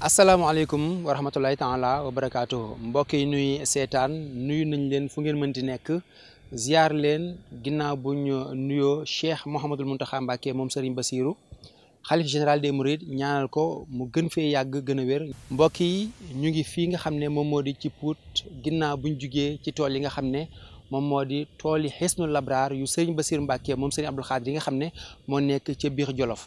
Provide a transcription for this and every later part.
asalaamaaleykum wa rahmatulahi taala wa barakaatu mbokk yi nuy seetaan nuyu nañ leen fu ngeen mënti nekk ziar leen ginnaaw bu ñu nuyoo Cheikh Mouhamadul Mountakha Mbacké moom Serigne Bassirou xalif général des Mourides ñaanal ko mu gën fee yàgg gën a wér. mbokk yi ñu ngi fii nga xam ne moom moo di ci Pout ginnaaw bu ñu jugee ci tool yi nga xam ne moom moo di tool yi Hisnul Abraar yu Serigne Bassirou Mbacké moom Serigne Abdoul Khadr yi nga xam ne moo nekk ca biir Jolof.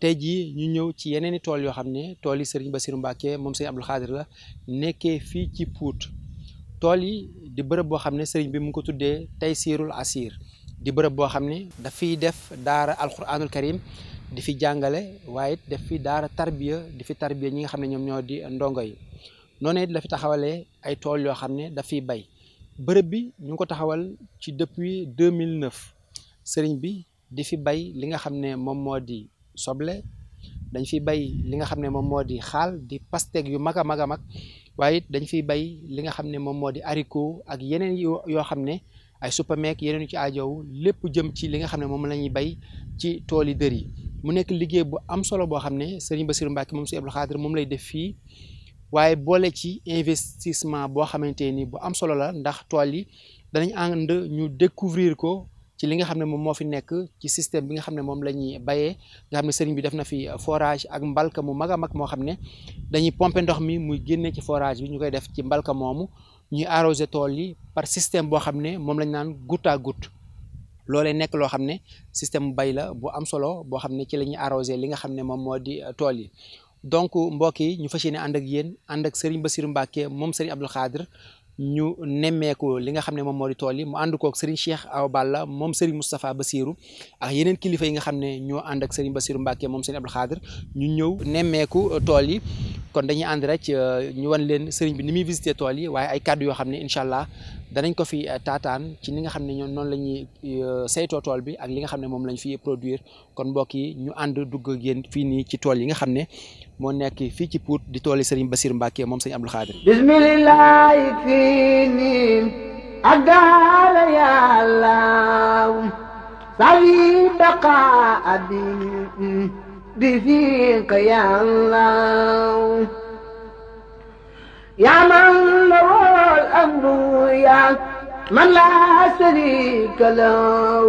tey jii ñu ñëw ci yeneen i tool yoo xam ne tool yi Serigne Bassirou Mbacké moom Serigne Abdou Khadre la nekkee fii ci Pout tool yi di bërëb boo xam ne Serigne bi mu ngi ko tuddee tey Taysirul Asir di bërëb boo xam ne dafiy def daara alquranul karim di fi jàngale waaye def daf fi daara tarbiya di fi tarbiya ñi nga xam ne ñoom ñoo di ndongo yi noonu it dafi fi taxawalee ay tool yoo xam ne dafiy bay bërëb bi ñu ngi ko taxawal ci depuis 2009 Serigne bi di fi bay li nga xam ne moom moo di. soble dañ fiy bay li nga xam ne moom moo di xaal di pastèque yu mag a mag a mag waaye it dañ fiy bay li nga xam ne moom moo di haricot ak yeneen yoo xam ne ay suppameek yeneen yu ci ajow lépp jëm ci li nga xam ne moom la ñuy bay ci tool yi dër yi mu nekk liggéey bu am solo boo xam ne sëriñ Bassirou Mbacke moom Sëriñ Abdou Khadre moom lay def fii waaye boole ci investissement boo xamante nii bu am solo la ndax tool yi danañ ànd ñu découvrir ko ci li nga xam ne moom moo fi nekk ci système bi nga xam ne moom la ñuy bayee nga xam ne sëriñ bi def na fi forage ak mbalka mu mag a mag moo xam ne dañuy pompe ndox mi muy génne ci forage bi ñu koy def ci mbalka moomu ñuy arroser tool yi par système boo xam ne moom lañ naan goutte à loole nekk loo xam ne système bay la bu am solo boo xam ne ci la ñuy arroser li nga xam ne moom moo di euh, tool yi donc mbokk yi ñu fas yéene ànd ak yéen ànd ak sëriñ Bassirou Mbacké moom sëriñ Abdou Khadre ñu nemmeeku li nga xam ne moom moo di tool yi mu ànd koog Serigne Cheikh Awa Balla moom Serigne Moustapha Bassirou ak yeneen kilifa yi nga xam ne ñoo ànd ak Serigne Bassirou Mbacke moom Serigne Abdou Khadir ñu ñëw nemeeku uh, tool yi kon dañuy ànd rek uh, ñu wan leen Serigne bi ni muy visité tool yi waaye ay kàddu yoo xam ne incha allah danañ ko fi euh, taataan ci ni xam ne ñoom noonu la ñuy euh, saytoo tool bi ak li nga xam ne moom lañ fi produire kon mbokk yi ñu ànd dugg ak yéen fii nii ci tool yi nga xam ne moo nekk fii ci Pout di tooli Serigne Bassirou Mbacké moom Serigne Abdou Khadir bismillahi fii nii ak daala yàllaw sawi baqa abi bi fiq yàllaw yaa man الأنبياء من لا شريك له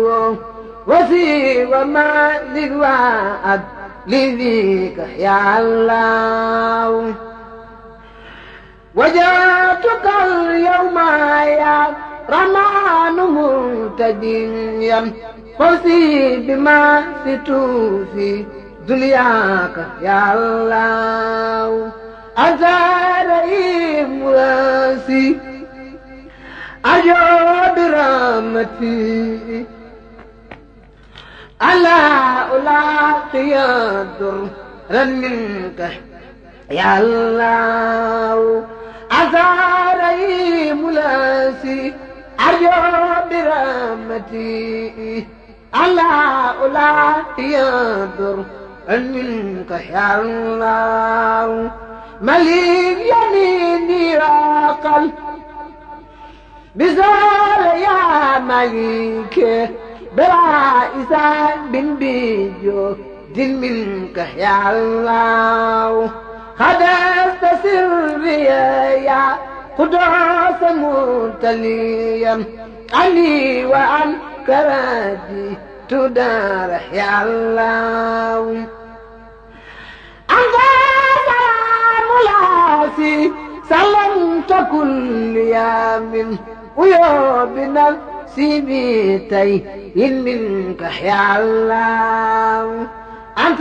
وفي وما للوعد لذيك يا الله وجاتك اليوم يا رمان مهتديا فوزي بما ستوفي دنياك يا الله أنت رئيم راسي أجوا برامتي ألا ألاقي درا منك يا الله أزاري ملاسي أجوا برامتي ألا ألاقي درا منك يا الله مليك يميني وقلبي بزول يا مليك بلا إسان بن بيجو دل منك يا الله خدست سري يا قدوس متليا علي وعن كرادي تدار يا الله أنت سلام لاسي سلم تكن يا من ويوبنا سيبيتي منك يا الله أنت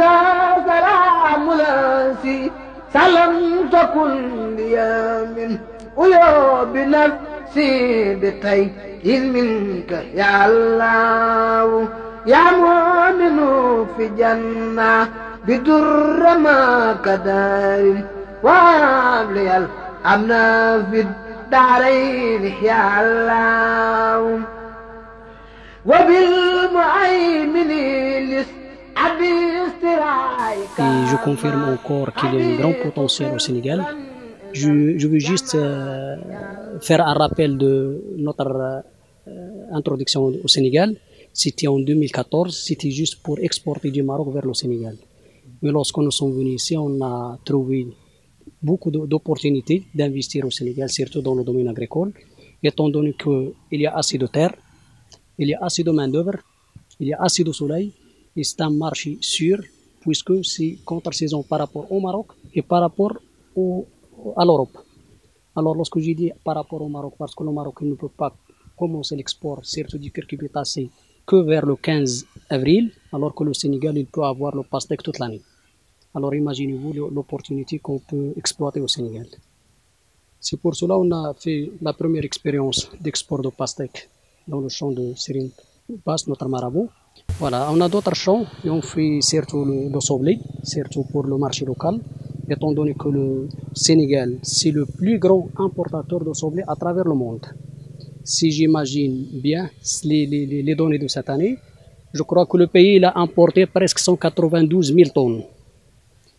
سلام لاسي سلم تكن يا من ويوبنا سيبيتي منك يا الله يا مؤمن في جنة بدر ما كدار وابلي أمنا في الدارين يا الله وبالمؤمن Et je confirme encore qu'il y a grand potentiel au Sénégal. Je, veux juste euh, un rappel de notre euh, introduction au Sénégal. C'était en 2014, pour exporter du Maroc vers le Sénégal. Mais lorsque nous sommes venus ici, on a beaucoup d'opportunités d'investir au Sénégal, surtout dans le domaine agricole, étant donné qu'il y a assez terre, il y a assez soleil, et c'est un marché sûr, puisque contre-saison par rapport au Maroc et par rapport au, à l'Europe. lorsque j'ai dit par rapport au Maroc, parce que le Maroc il ne peut pas commencer l'export, surtout du cucurbitacé, que vers le avril, alors que le Sénégal, il peut avoir le pastèque toute l'année. Alors imaginez-vous l'opportunité qu'on peut exploiter au Sénégal. C'est pour cela qu'on a fait la première expérience d'export de pastèque dans le champ de Sérine notre marabout. Voilà, on a d'autres champs et on fait surtout le, soblé, surtout pour le marché local, étant donné que le Sénégal, c'est le plus grand importateur de soblé à travers le monde. Si j'imagine bien les, les, les données de cette année, je crois que le pays il a importé presque 192 000 tonnes.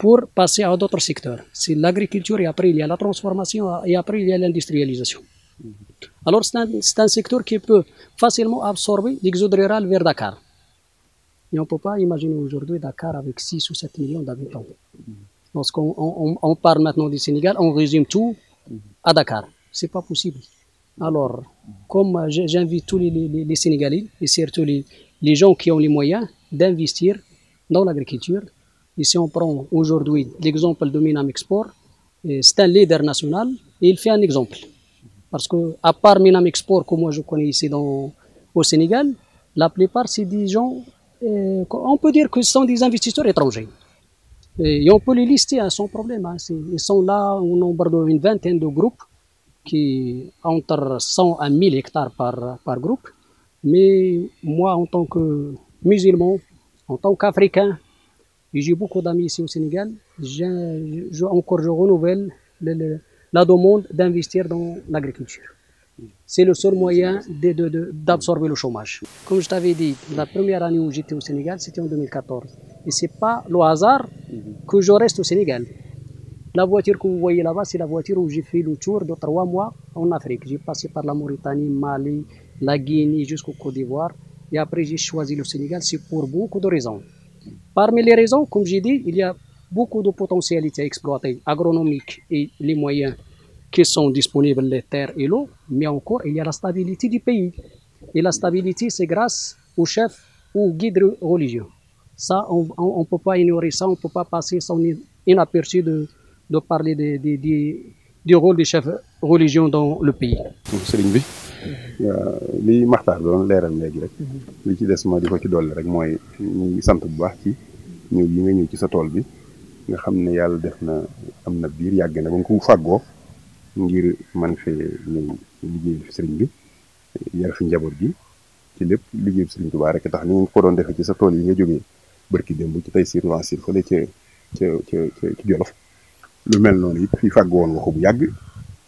pour passer à d'autres secteurs. C'est l'agriculture et après il y a la e transformation et après a l'industrialisation. Mm-hmm. Alors c'est un, un, secteur qui peut facilement absorber l'exode rural vers Dakar. Et on ne peut pas imaginer aujourd'hui Dakar avec 6 ou 7 millions d'habitants. Mm-hmm. Lorsqu'on on, on parle maintenant du on résume tout mm-hmm. à Dakar. Ce pas possible. comme j'invite tous les, les, et surtout les gens qui ont les moyens d'investir dans l'agriculture, Et si on prend aujourd'hui l'exemple de Minam Export, euh, c'est un leader national il fait un exemple. Parce que, à part Minam Export, que moi je connais Sénégal, la plupart c'est des gens, euh, dire que ce sont des investisseurs étrangers. Et on peut les lister problème. Hein. Ils de groupes qui entre 100 à 1000 hectares par, par groupe. Mais en tant que musulman, en tant qu'Africain, J'ai beaucoup d'amis ici au Sénégal. Je, encore, je renouvelle le, C'est le seul moyen d'absorber le chômage. Comme je t'avais dit, la première année où j'étais au Sénégal, c'était en 2014. pas le hasard que je reste au Sénégal. La voiture que vous voyez de trois mois en Afrique. J'ai passé par la Mauritanie, Mali, la Guinée jusqu'au Côte d'Ivoire. Et après, j'ai choisi le Sénégal, c'est pour beaucoup de raisons. Parmi les raisons, comme j'ai dit, il y a beaucoup de potentialités exploitées, agronomiques et les moyens qui sont disponibles, les terres et l'eau, mais encore, il y a la stabilité du pays. Et la stabilité, c'est grâce au chef ou guide religieux. Ça, on ne peut pas ignorer ça, on ne peut de, parler du rôle des chefs religieux dans le pays. waaw li Maxtaar doon leeral léegi rek mhm. li ci des ma di ko ci dolli rek mooy ñu sant bu baax ci ñëw yi nga ñëw ci sa tool bi nga xam ne yàlla def na am na biir yàgg na ba nga ko fàggoo ngir man fee ñëw liggéey sëriñ bi yar fi njaboot bi ci lépp liggéey sëriñ Tuubaa rek tax ni nga ko doon defee ci sa tool yi nga jógee barki démb ci tey siir noisir fële ca ci Jolof lu mel noonu it fi fàgg woon nga bu yàgg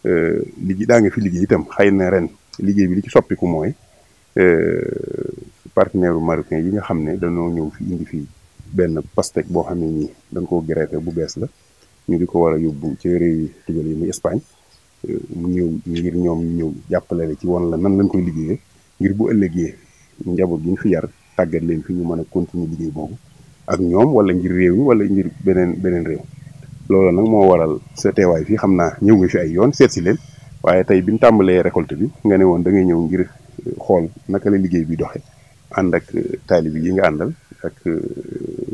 euh, liggéey daa nga fi liggéey itam xëy na ren liggéey bi li ci soppiku mooy euh, partenaire marocain yi nga xam ne dañoo ñëw fi indi fii benn pastèque boo xam nii dañ koo greffé bu bees la ñu di ko war a yóbbu ci réew yi tugal yi muy Espagne euh, mu ñëw ngir ñoom ñëw jàppale la ci wan la nan lañ koy liggéeyee ngir bu ëllëgee njaboot gi ñu fi yar tàggat leen fi ñu mën a continuer liggéey boobu ak ñoom wala ngir réew mi wala ngir beneen beneen réew loolu nag moo waral sa teewaay fii xam naa ñëw nga fi ay yoon seet si waaye tey bi ñu tàmbalee récolte bi nga ne woon dangay ñëw ngir xool naka la liggéey bi doxee ànd ak euh, taalib yi nga àndal ak euh,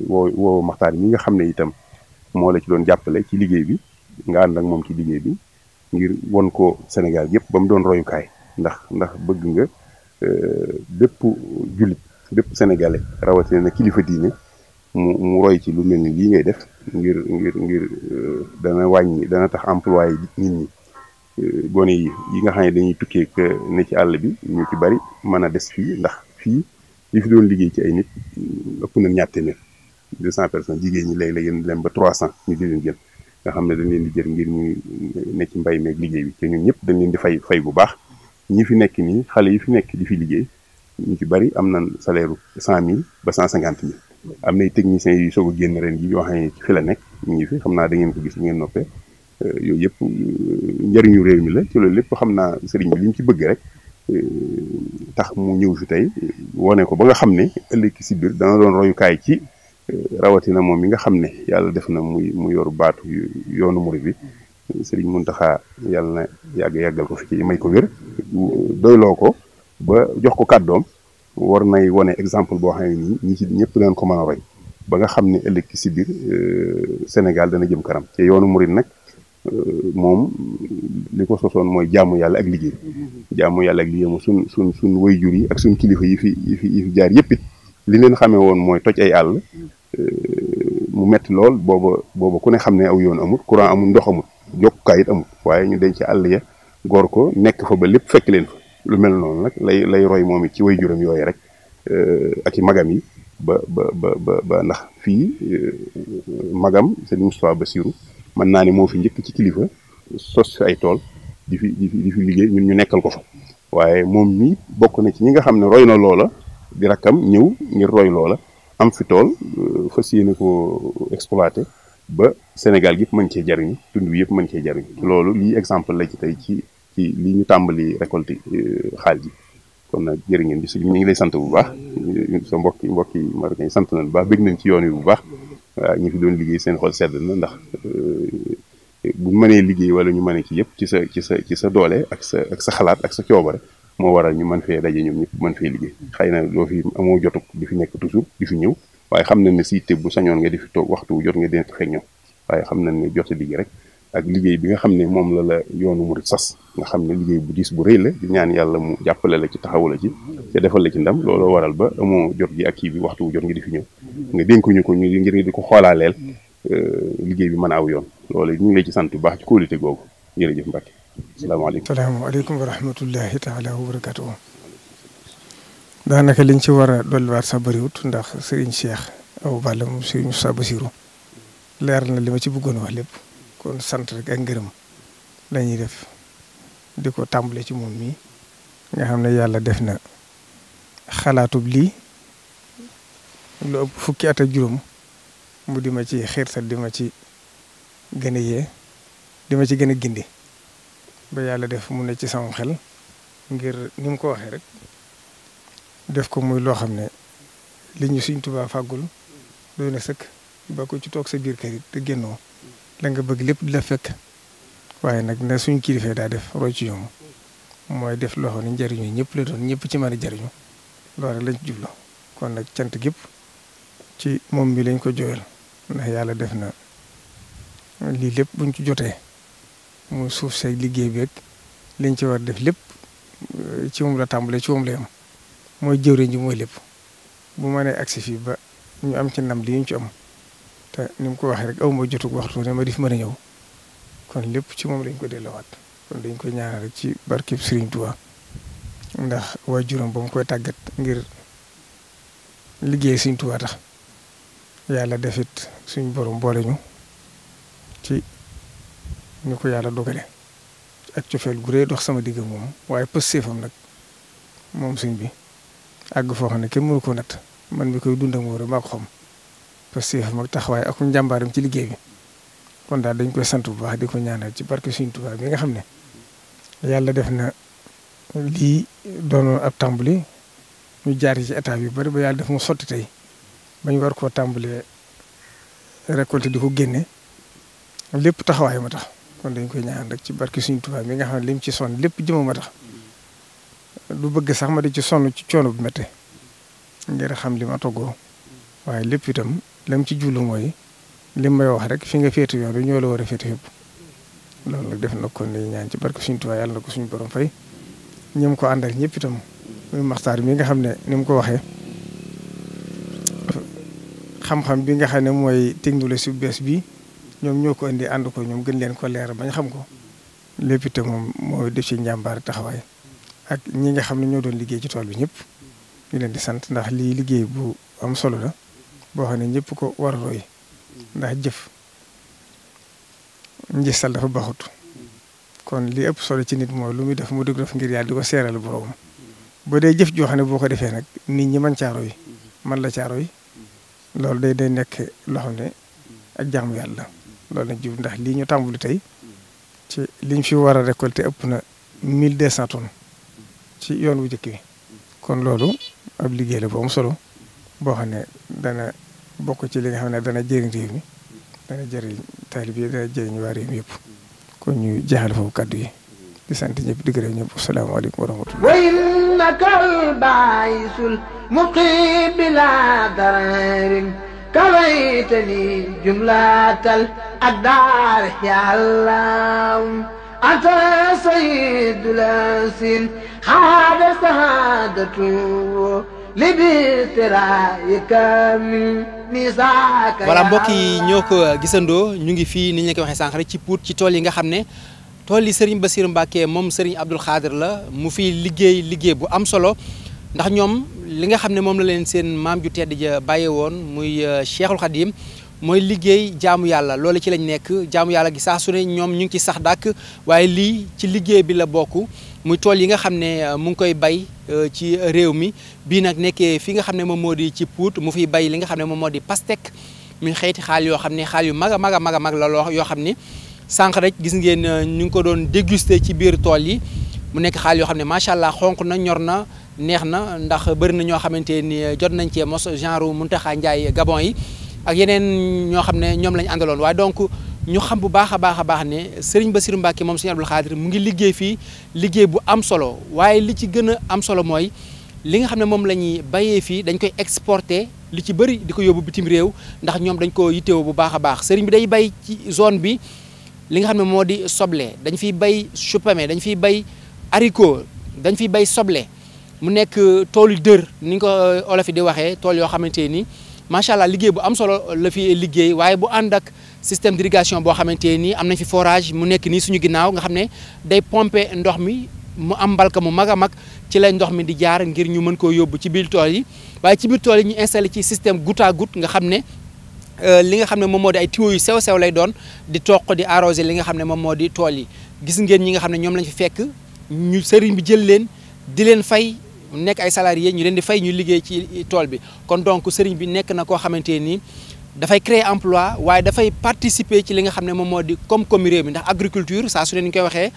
woo wow maxtaan mi nga xam ne itam moo la ci doon jàppale ci liggéey bi nga ànd ak moom ci liggéey bi ngir won ko Sénégal yëpp ba mu doon royukaay ndax ndax bëgg nga euh, bépp jullit dépp sénégalais rawatina na kilifa diine mu mu roy ci lu mel ni lii ngay def ngir ngir ngir dana wàññi dana tax emploi nit ñi Euh, gone yi yi nga xam ne dañuy tukkee ne ci àll bi ñu ci bari man a des fii ndax fii li fi doon liggéey ci ay nit mm, ëpp na ñaar téeméer deux cent personnes jigéen ñi léeg la yéen dem ba trois cent ñu di leen jël nga xam ne dañ leen di jël ngir ñuy ne mbay meeg liggéey bi te ñun ñëpp dañ leen di fay fay bu baax ñi fi nekk nii xale yi fi nekk di fi liggéey ñu ci bari am na salaire cent mille ba cent cinquante mille am nay techniciens yu soog a génn ren yi yoo xam nekk ñu ngi fi xam naa da ngeen ko gis ngeen noppee Euh, yooyu yëpp euh, njëriñu réew mi la ci loolu lépp xam naa sëriñ bi li ci bëgg rek euh, tax mu ñëw fi tey wone ko ba nga xam ne ëllëg si biir dana doon royukaay ci rawatina moom mi nga xam ne yàlla def na muy mu yor baatu yoonu murid bi sëriñ Muntaxa na yàgg yàggal ko fi ci may ko wér doyloo ko ba jox ko kàddoom war nay wane exemple boo xam ne ñëpp daan ko ba nga xam ne ëllëg si biir senegal dana jëm kanam te yoonu murid nag Euh, moom li ko sosoon mooy jaamu yàlla ak liggéey jaamu yàlla ak liggéey moom suñ suñ suñ wayjur yi ak suñ kilifa yi fi yi fi yi fi jaar yëpp li leen xamee woon mooy toj ay àll euh, mu metti lool booba booba ku ne xam ne aw yoon amul courant amul ndox amul jokkukaay it amul waaye ñu denc àll ya gor ko nekk fa ba lépp fekk leen fa lu mel noonu nag lay lay roy moom it ci wayjuram yooyu rek euh, ak i magam yi ba ba ba ba ndax fii magam Sëriñ Moustapha Bassirou mën naa ne moo fi njëkk ci kilifa sos fi ay tool di fi di fi liggéey ñun ñu nekkal ko fa waaye moom mii bokk na ci ñi nga xam ne roy na loola di rakkam ñëw ngir roy loola am fi tool euh, fas yéene ko exploité ba Sénégal gi yëpp mën cee jariñu tund bi yëpp mën cee jariñu loolu lii exemple la ci tey ci ci li ñu tàmbali récolte euh, xaal ji kon nag jërë ngeen bi ñu ngi lay sant bu baax sa mbokki mbokki marocain sant na bu baax bég nañ ci yoon yi bu baax waaw ñu fi doon liggéey seen xol sedd na ndax euh, bu mënee liggéey wala ñu manee ci yëpp ci sa ci sa ci sa doole ak sa ak sa xalaat ak sa coobare moo waral ñu mën fee daje ñoom ñëpp man fee liggéey xëy na loo fi amoo jotuk di fi nekk toujours di fi ñëw waaye xam na ne si te bu ñoon nga di fi toog waxtu jot nga dina fekk ñëw waaye xam nañ ne jot a liggéey rek ak liggéey bi nga xam ne moom la la yoonu murit sas nga xam ne liggéey bu diis bu rëy la di ñaan yàlla mu jàppale la ci taxawu la ci te defal la ci ndam looloo waral ba amoo jot gi ak kii bi waxtu wu jot ngi di fi ñëw nga dénkuñu ko ñu ngir di ko xoolaaleel euh, liggéey bi mën a aw yoon loolu ñu ngi lay ci sant bu baax ci kóolute googu jërëjëf Mbacke salaamaaleykum salaamaaleykum wa rahmatullahi taala wa barakaatu daanaka liñ ci war a dolliwaat sax bëriwut ndax sëriñ Cheikh aw Balla moom sëriñ Moussa Basirou leer na li ma ci bëggoon wax lépp kon sant rek ak ngërëm lañuy def di ko tàmbale ci moom mii nga xam ne yàlla def na xalaatub lii lu ëpp fukki at ak juróom mu di ma ci sa di ma ci gën a yee di ma ci gën a gindi ba yàlla def mu ne ci sama xel ngir ni mu ko waxee rek def ko muy loo xam ne li ñu Sëriñ Tuubaa fàggul loolu na sëkk ba ko ci toog sa biir kër it te génnoo la nga bëgg lépp di la fekk waaye nag na suñ kilifee daa def roy ci ñoom mooy def loxo xam ne njariñu ñëpp la doon ñëpp ci mën a jariñu loolu lañ kon nag cant gépp ci moom bi lañ ko jooyal ndax yàlla def na lii lépp buñ ci jotee mu suuf seeg liggéey bi ak liñ ci war def lépp eh, ci moom la tàmbalee ci moom la yam mooy jëwriñ ji mooy lépp bu ma agsi fii ba ñu am ci nam li ñu ci am ni mu ko waxee rek aw ma jotug waxtu ne ma di fi man a ñëw kon lépp ci moom lañ ko delloowaat kon dañ koy ñaanal rek ci barkeb Serigne Touba ndax waajuram ba mu koy tàggat ngir liggéey Serigne Touba tax yàlla defit suñ borom boole ñu ci ñu ko yàlla dogale ak cofeel gu rëy dox sama digg moom waaye pëstéefam nag moom suñ bi àgg foo xam ne kenn mënu ko natt man mi koy dund ak moom rek maa ko xam pastéef mag taxawaay ak njàmbaaram ci liggéey bi kon daal dañ koy sant bu baax di ko ñaanal ci barke Sëriñ Tuubaa bi nga xam ne yàlla def na lii doonoon ab tàmbali ñu jaar ci état yu bari ba yàlla def mu sotti tey ba ñu war koo tàmbalee récolté di ko génne lépp taxawaay ma tax kon dañ koy ñaan rek ci barke Sëriñ Tuubaa bi nga xam ne lim ci sonn lépp jëma ma tax du bëgg sax ma di ci sonn ci coono bu métte ngir xam li ma toggoo waaye lépp lam ci jublu mooy lim may wax rek fi nga féete yoon wi ñoo la war a féete yëpp loolu nag def na ko ni ñaan ci barke suñu Tuubaa yàlla na ko suñu borom fay ñi ko àndal ñëpp itam muy nga xam ne ni mu ko waxee xam bi nga xam ne mooy technologie bu bees bi ñoom ñoo ko indi ànd ko ñoom gën leen ko leer bañ xam ko lépp itam moom moo def ci njàmbaar taxawaay ak ñi nga xam ne ñoo doon liggéey ci tool bi ñëpp ñu leen di sant ndax lii liggéey bu am solo la boo xam ne ñëpp ko war a roy ndax jëf njëstal dafa baaxut kon li ëpp solo ci nit mooy lu muy def mu dugg def ngir yàlla di ko seeral borom bu dee jëf joo xam ne boo ko defee nag nit ñi man caa roy man la caa yi loolu day day nekk loo ne ak jaamu yàlla loolu nag jub ndax lii ñu tàmbali tey ci liñ fi war a récolter ëpp na mille des 1200 tonnes ci yoon wu njëkk bi kon loolu ab liggéey la bu am solo boo xam ne dana bokk ci li nga xam ne dana jëriñ réew mi dana jëriñ taalib yi dana jëriñ waa réew mi yëpp kon ñu jeexal foofu kàddu yi di sant ñëpp di gërëm ñëpp asalaamaaleykum wa rahmatullah wa innaka albaayisul muqim bila dararin كويتني جملة الأدار يا الله أنت سيد الأنسين هذا سعادته voilà mbokk yi ñoo ko gisandoo ñu ngi fii ni ñu ko waxee sànq ci Pout ci tool yi nga xam ne tool yi ba Bassirou Mbacké moom Serigne Abdoul Khadir la mu fi liggéey liggéey bu am solo ndax ñoom li nga xam ne moom la leen seen maam ju tedd ja bàyyee woon muy euh, Cheikhul Khadim mooy liggéey jaamu yàlla loolu ci lañ nekk jaamu yàlla gi saa su ne ñoom ñu ngi ci sax dàkk waaye lii ci liggéey bi la bokk muy tool yi nga xam ne euh, mu ngi koy bay euh, ci réew mi bii nag nekkee fi nga xam ne moom moo di ci Pout mu fiy bay li nga xam ne moom moo di pastèque muy xeeti xaal yoo xam ne xaal yu mag a maga a mag a la loo yoo xam ne sànq rek gis ngeen euh, ñu ngi ko doon dégusté ci biir tool yi mu nekk xaal yoo xam ne macha allah xonq na ñor na neex na ndax bëri na ñoo xamante ni jot nañ cee mos genre Mountakha Ndiaye Gabon yi ak yeneen ñoo xam ne ñoom lañ àndaloon waaye donc ñu xam bu baax a baax a baax ne Serigne Bassirou Mbacké moom Serigne Abdou Khadre mu ngi liggéey fii liggéey bu am solo waaye li ci gën a am solo mooy li nga xam ne moom la ñuy bayee fii dañ koy exporter li ci bëri di ko yóbbu bitim réew ndax ñoom dañ ko yittewoo bu baax a baax Serigne bi day bay ci zone bi li nga xam ne moo di soble dañ fiy bay chou pommé dañ fiy bay haricot dañ fiy bay soble mu nekk toolu dër ni nga ko euh, olof yi di waxee tool yoo xamante ni macha allah liggéey bu am solo la fi liggéey waaye bu ànd ak. système d'irrigation boo xamante nii am nañ fi forage mu nekk nii suñu ginnaaw nga xam ne day pomper ndox mi mu am mbalka mu mag a mag ci lay ndox mi di jaar ngir ñu mën koo yóbbu ci biir tool yi waaye ci biir tool yi ñu installé ci système goutte nga xam ne euh, li nga xam ne moom moo di ay tuyaux sew sew lay doon di toq di arroser li nga xam ne moom moo di tool yi gis ngeen ñi nga xam ne ñoom lañ fi fekk ñu sëriñ bi jël leen di leen fay nekk ay salariés ñu leen di fay ñu liggéey ci tool bi kon donc sëriñ bi nekk na koo xamante nii dafay créer emploi waaye dafay participer ci li nga xam ne moom moo di koom-koomu réew mi ndax agriculture saa su ne ni ñu koy waxee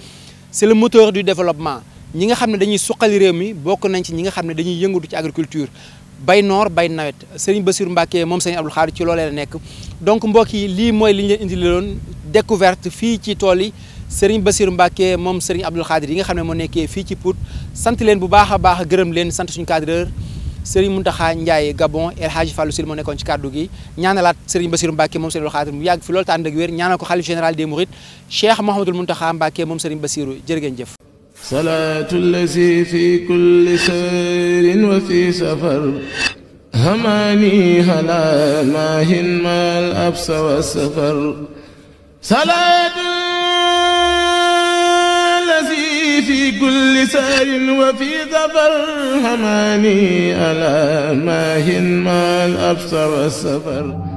c'est le moteur du développement ñi nga xam ne dañuy suqali réew mi bokk nañ ci ñi nga xam ne dañuy yëngatu ci agriculture bay noor bay nawet Serigne Bassirou Mbacké moom Serigne Abdou Khadre ci loolee la nekk donc mbokk yi mooy li ñu leen indiloon découverte fii ci tool yi Serigne Bassirou Mbacké moom Serigne Abdou yi nga xam ne moo nekkee fii ci Pout sant leen bu baax a baax gërëm leen sant suñu cadreur Serigne Mountakha Ndiaye Gabon El Hadji Fallou Sil nekkoon ci kàddu gi ñaanalaat Serigne Bassirou Mbacké moom Serigne Xaadim mu yàgg fi loolu tànn ak wér ñaanal ko xalif général des Mourides Cheikh Mouhamadoul Mountakha Mbacké moom Serigne Bassirou jërë ngeen jëf salaatu fi kulli sayrin wa fi safar hamani hala mahin mal absa wa safar في كل سار وفي ظفر هماني ألا ماهن ما الأبصر السفر